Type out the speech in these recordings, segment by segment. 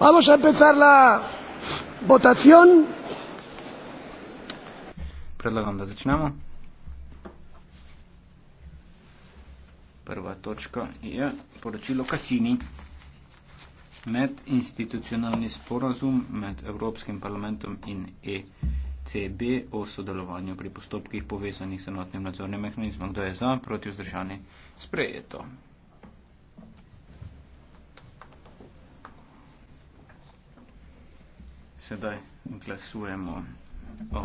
Vamos a empezar la votación. Predlagam, da začnemo. Prva točka je poročilo Kasini. Medinstitucionalni sporazum med Evropskim parlamentom in ECB o sodelovanju pri postopkih povezanih z enotnim nadzornim mehanizmom. Kdo je za, proti vzdržani, sprejeto. sedaj glasujemo o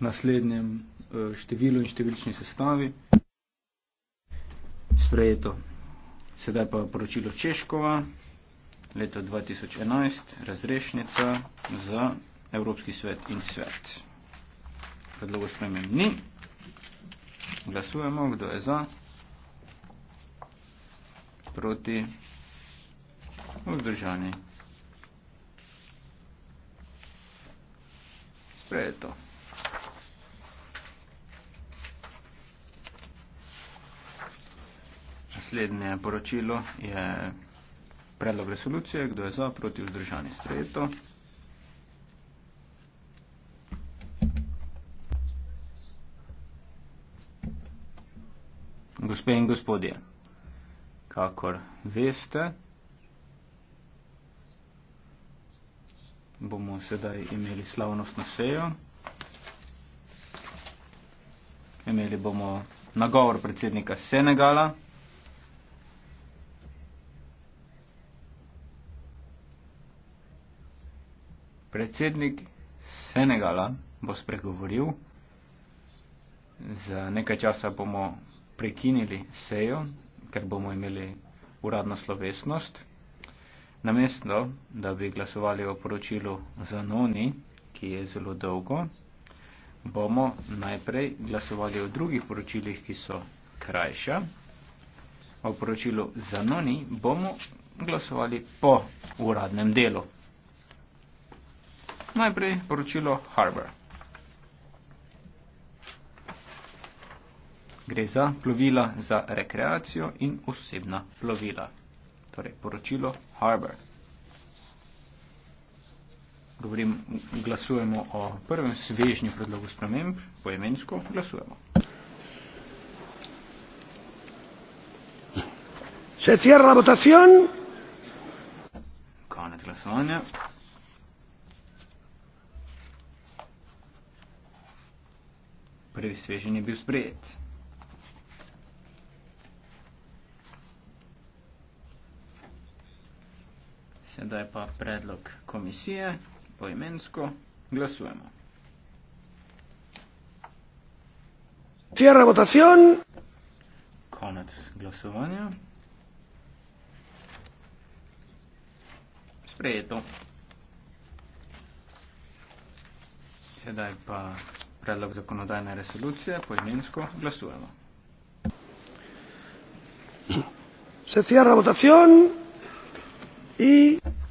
naslednjem e, številu in številčni sestavi. Sprejeto. Sedaj pa poročilo Češkova, leto 2011, razrešnica za Evropski svet in svet. Predlogo spremem ni. Glasujemo, kdo je za. Proti vzdržani. Sprejeto. Naslednje poročilo je predlog resolucije, kdo je za proti vzdržani sprejeto. Gospe in gospodje, kakor veste, bomo sedaj imeli slavnostno sejo. Imeli bomo nagovor predsednika Senegala. Predsednik Senegala bo spregovoril. Za nekaj časa bomo prekinili sejo, ker bomo imeli uradno slovesnost. Namesto, da bi glasovali o poročilu za noni, ki je zelo dolgo, bomo najprej glasovali o drugih poročilih, ki so krajša. O poročilu za noni bomo glasovali po uradnem delu. Najprej poročilo Harbor. Gre za plovila za rekreacijo in osebna plovila torej poročilo Harbor. Govorim, glasujemo o prvem svežnju predlogu sprememb, poimensko glasujemo. Se cierra votación. Konec glasovanja. Prvi svežen je bil sprejet. Sedaj pa predlog komisije poimensko glasujemo. Tierra votación. Konec glasovanja. Sprejeto. Sedaj pa predlog zakonodajne resolucije poimensko glasujemo. Se cierra votación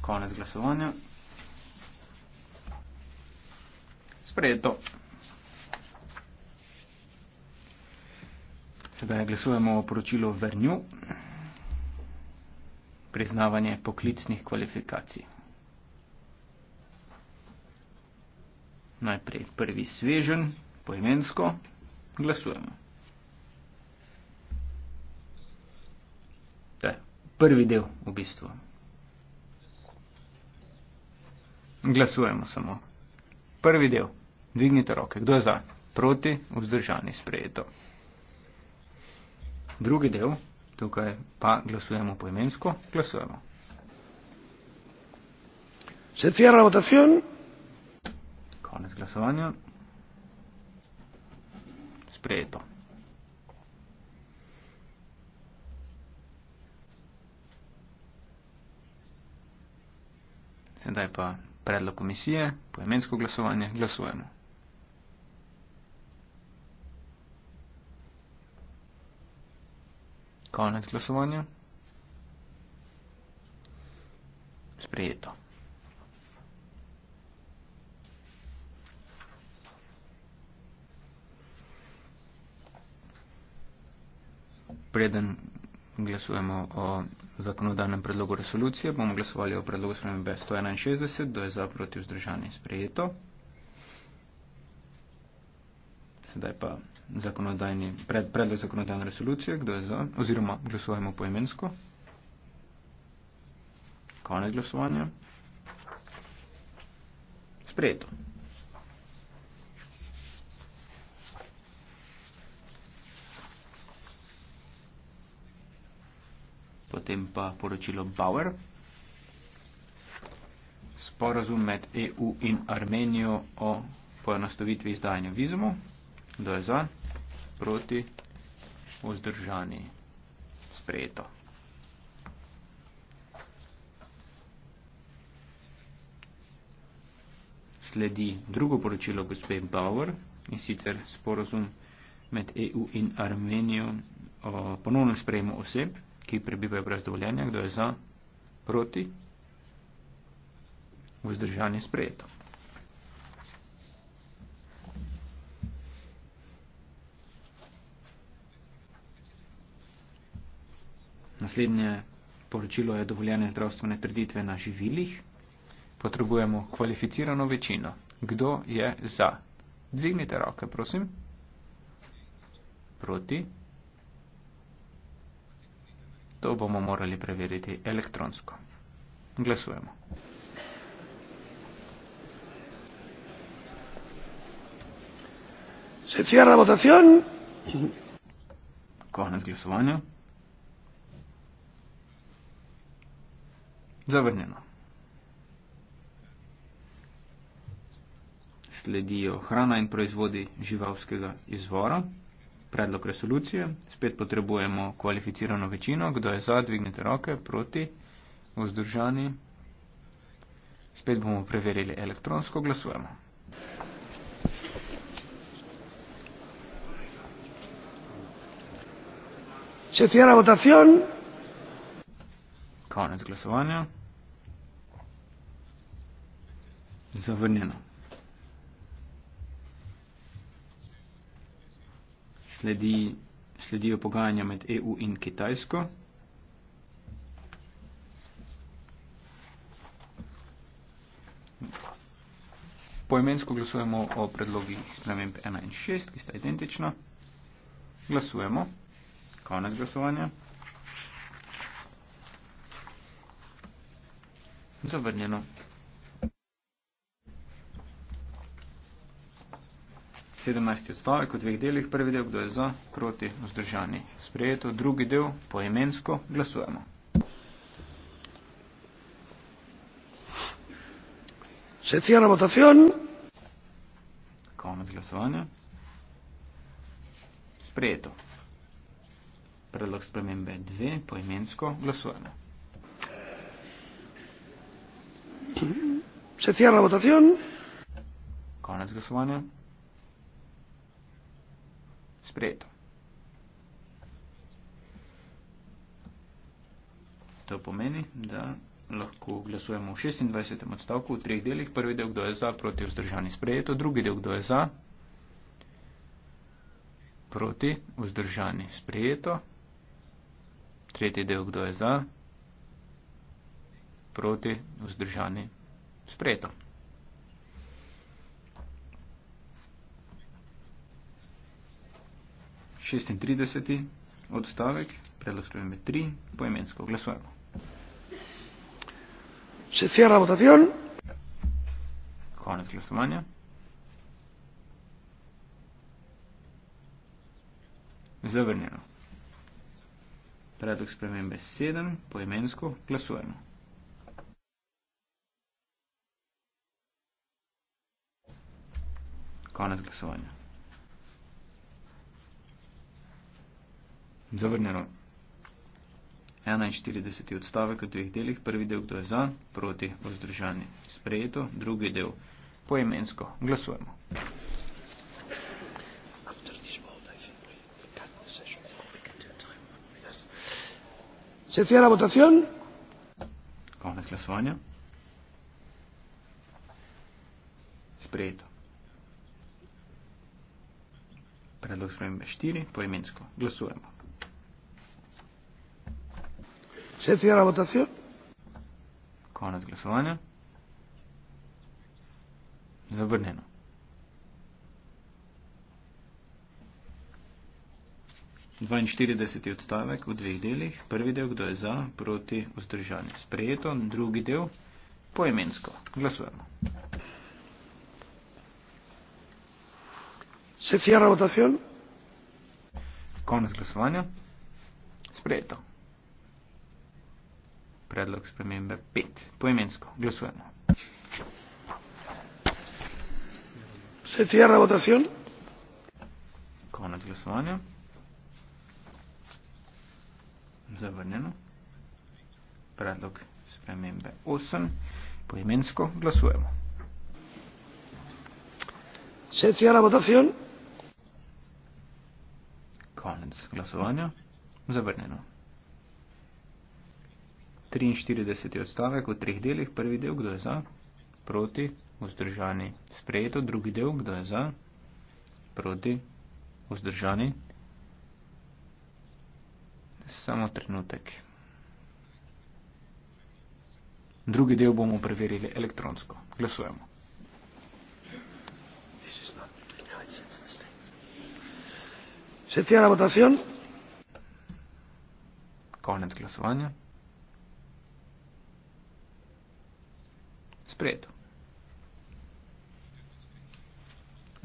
konec glasovanja. Sprejeto. Sedaj glasujemo o poročilu Vrnju, priznavanje poklicnih kvalifikacij. Najprej prvi svežen, poimensko, glasujemo. Te, prvi del v bistvu. Glasujemo samo. Prvi del. Dvignite roke. Kdo je za? Proti, vzdržani, sprejeto. Drugi del, tukaj pa glasujemo poimensko. Glasujemo. Se cierra votacion. Konec glasovanja. Sprejeto. Sedaj pa predlog komisije, poemensko glasovanje, glasujemo. Konec glasovanja. Sprejeto. Preden glasujemo o zakonodajnem predlogu resolucije. Bomo glasovali o predlogu spremembe 161, do je za proti vzdržanje sprejeto. Sedaj pa zakonodajni, pred, predlog zakonodajne resolucije, kdo je za, oziroma glasujemo poimensko. Konec glasovanja. Sprejeto. potem pa poročilo Bauer. Sporazum med EU in Armenijo o poenostavitvi izdajanja vizumov. Kdo je za? Proti? Vzdržani? Sprejeto. Sledi drugo poročilo gospe Bauer in sicer sporozum med EU in Armenijo o ponovnem sprejemu oseb, ki prebivajo brez dovoljenja, kdo je za, proti, vzdržanje sprejeto. Naslednje poročilo je dovoljene zdravstvene trditve na živilih. Potrebujemo kvalificirano večino. Kdo je za? Dvignite roke, prosim. Proti. To bomo morali preveriti elektronsko. Glasujemo. Se cierra votación. Konec glasovanja. Zavrnjeno. Sledijo hrana in proizvodi živalskega izvora predlog resolucije. Spet potrebujemo kvalificirano večino. Kdo je za, dvignite roke, proti, vzdržani. Spet bomo preverili elektronsko, glasujemo. Se cierra votación. Konec glasovanja. Zavrnjeno. sledi, sledijo pogajanja med EU in Kitajsko. Poimensko glasujemo o predlogih sprememb 1 in 6, ki sta identična. Glasujemo. Konec glasovanja. Zavrnjeno. 17. odstavek v dveh delih. Prvi del, kdo je za, proti, vzdržani, sprejeto. Drugi del, poemensko, glasujemo. Se cierra votación. Konec glasovanja. Sprejeto. Predlog spremembe dve, poemensko glasujemo. Se cierra votación. Konec glasovanja sprejeto. To pomeni, da lahko glasujemo v 26. odstavku v treh delih. Prvi del, kdo je za, proti vzdržani sprejeto. Drugi del, kdo je za, proti vzdržani sprejeto. Tretji del, kdo je za, proti vzdržani sprejeto. 36. odstavek, predlog spremembe 3, poimensko glasujemo. Se cierra votación. Konec glasovanja. Zavrnjeno. Predlog spremembe 7, poimensko glasujemo. Konec glasovanja. Zavrnjeno. 41. odstavek v dveh delih. Prvi del, kdo je za, proti, vzdržani. Sprejeto. Drugi del, poimensko. Glasujemo. Se cierra votación. Konec glasovanja. Sprejeto. Predlog spremembe 4, poimensko. Glasujemo. Se cierra la votación. Konec glasovanja. Zavrnjeno. Dvainštirideseti odstavek v dveh delih. Prvi del, kdo je za, proti, vzdržanje. Sprejeto. Drugi del, poemensko. Glasujemo. Se cierra la votación. Konec glasovanja. Sprejeto predlog spremembe 5. Poimensko glasujemo. Se cierra votación. Konec glasovanja. Zavrnjeno. Predlog spremembe 8. Poimensko glasujemo. Se cierra votación. Konec glasovanja. Zavrnjeno. 43. odstavek v treh delih. Prvi del, kdo je za, proti, vzdržani, sprejeto. Drugi del, kdo je za, proti, vzdržani. Samo trenutek. Drugi del bomo preverili elektronsko. Glasujemo. Se cierra la votación. Con el glasovanie. sprejeto.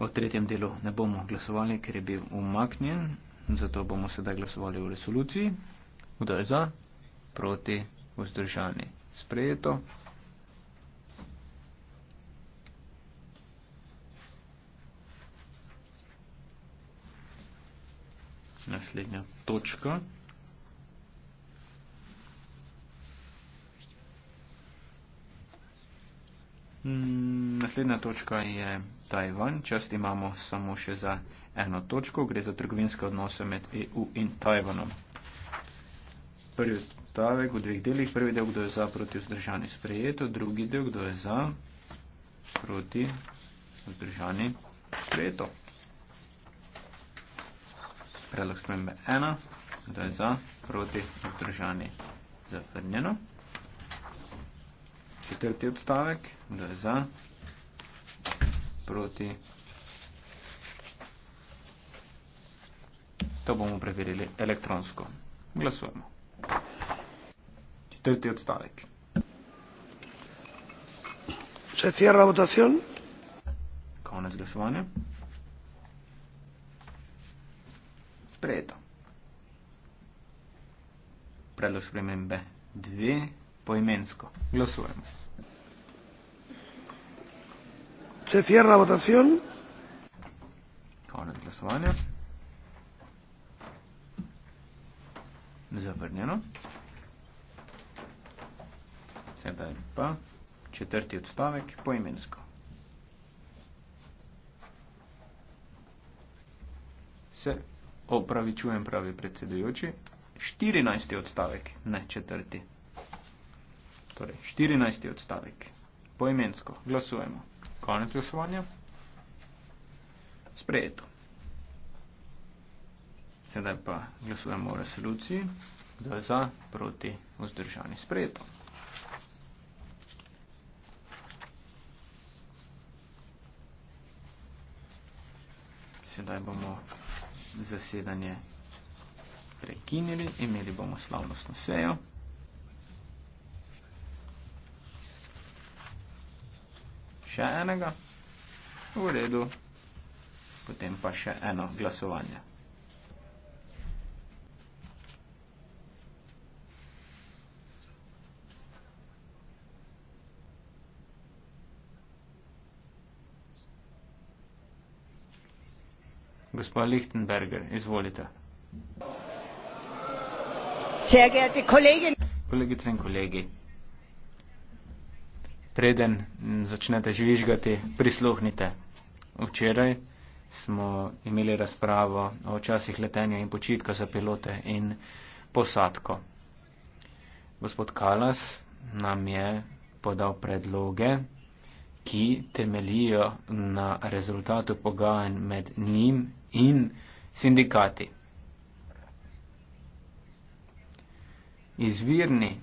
O tretjem delu ne bomo glasovali, ker je bil umaknjen, zato bomo sedaj glasovali v resoluciji. Kdo je za? Proti? Vzdržani? Sprejeto. Naslednja točka. naslednja točka je Tajvan. Čast imamo samo še za eno točko, gre za trgovinske odnose med EU in Tajvanom. Prvi stavek v dveh delih. Prvi del, kdo je za proti vzdržani sprejeto, drugi del, kdo je za proti vzdržani sprejeto. Predlog spremembe 1, kdo je za proti vzdržani zavrnjeno. Četrti odstavek, kdo je za proti. To bomo preverili elektronsko. Glasujemo. Četrti odstavek. Se cierra votación. Konec glasovanja. Sprejeto. Predlog spremembe dve poimensko. Glasujemo. Se cierra la votación. Konec glasovanja. Zavrnjeno. Sedaj pa četrti odstavek poimensko. Se opravičujem, pravi predsedujoči. 14. odstavek, ne četrti. Torej, 14. odstavek poimensko. Glasujemo. Konec glasovanja. Sprejeto. Sedaj pa glasujemo o resoluciji. Kdo je za, proti, vzdržani? Sprejeto. Sedaj bomo zasedanje prekinili, imeli bomo slavnostno sejo. še enega, v redu, potem pa še eno glasovanje. Gospod Lichtenberger, izvolite. Sehr geehrte Kolleginnen und Kollegen preden začnete žvižgati, prisluhnite. Včeraj smo imeli razpravo o časih letenja in počitka za pilote in posadko. Gospod Kalas nam je podal predloge, ki temelijo na rezultatu pogajanj med njim in sindikati. Izvirni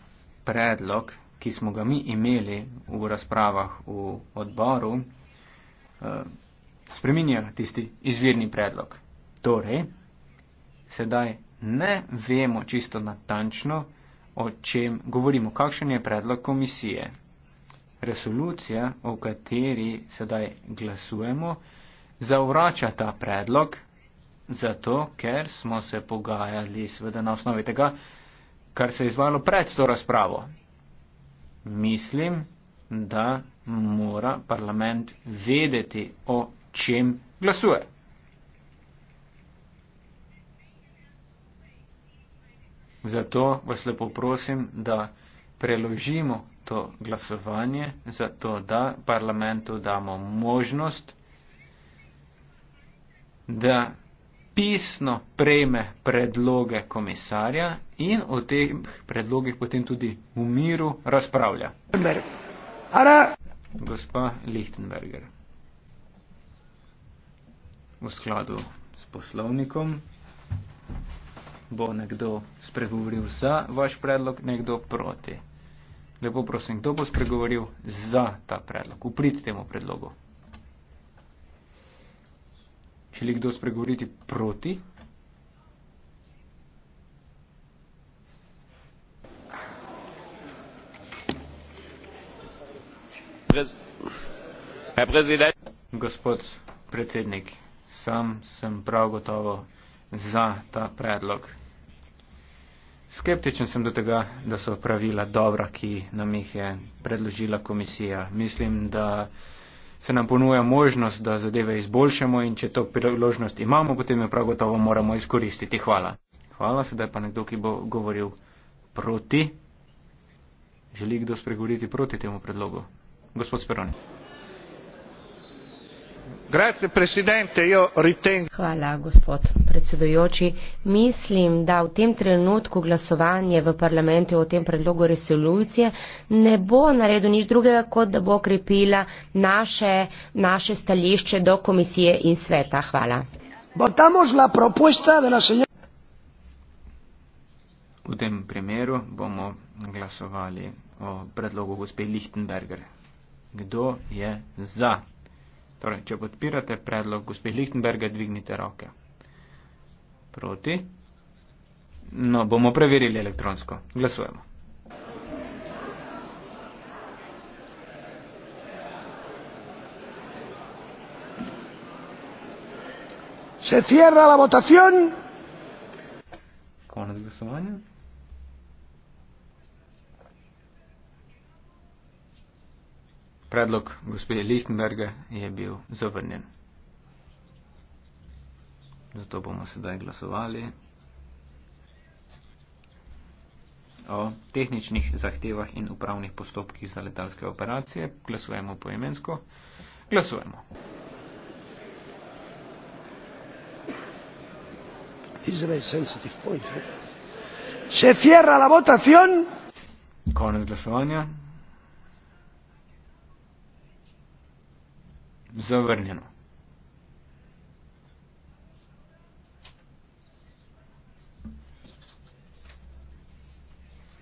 predlog ki smo ga mi imeli v razpravah v odboru, eh, spreminja tisti izvirni predlog. Torej, sedaj ne vemo čisto natančno, o čem govorimo, kakšen je predlog komisije. Resolucija, o kateri sedaj glasujemo, zavrača ta predlog, zato ker smo se pogajali seveda na osnovi tega, kar se je izvalo pred to razpravo mislim, da mora parlament vedeti, o čem glasuje. Zato vas lepo prosim, da preložimo to glasovanje, zato da parlamentu damo možnost, da pisno prejme predloge komisarja in o teh predlogih potem tudi v miru razpravlja. Gospa Lichtenberger, v skladu s poslovnikom bo nekdo spregovoril za vaš predlog, nekdo proti. Lepo prosim, kdo bo spregovoril za ta predlog? Uprite temu predlogu želi kdo spregovoriti proti? Gospod predsednik, sam sem prav gotovo za ta predlog. Skeptičen sem do tega, da so pravila dobra, ki nam jih je predložila komisija. Mislim, da se nam ponuja možnost, da zadeve izboljšamo in če to priložnost imamo, potem jo prav gotovo moramo izkoristiti. Hvala. Hvala, sedaj pa nekdo, ki bo govoril proti. Želi kdo spregovoriti proti temu predlogu? Gospod Speroni mislim da v tem trenutku glasovanje v parlamentu o tem predlogu resolucije ne bo naredil nič drugega kot da bo okrepila naše, naše stališče do komisije in sveta. Hvala. V tem primeru bomo glasovali o predlogu gospe Lichtenberger. Kdo je za? Torej, če podpirate predlog gospe Lichtenberga, dvignite roke. Proti. No, bomo preverili elektronsko. Glasujemo. Se cierra la votación. Konec glasovanja. predlog gospe Lichtenberga je bil zavrnjen. Zato bomo sedaj glasovali o tehničnih zahtevah in upravnih postopkih za letalske operacije. Glasujemo poimensko. Glasujemo. Se cierra la votación. Con el glasovanja. zavrnjeno.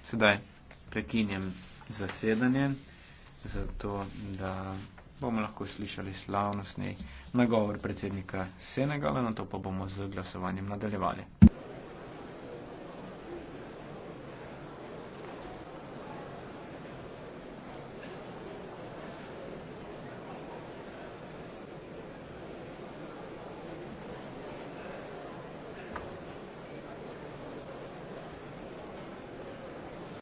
Sedaj prekinjem zasedanje, zato da bomo lahko slišali slavnostni nagovor predsednika Senegala, na to pa bomo z glasovanjem nadaljevali.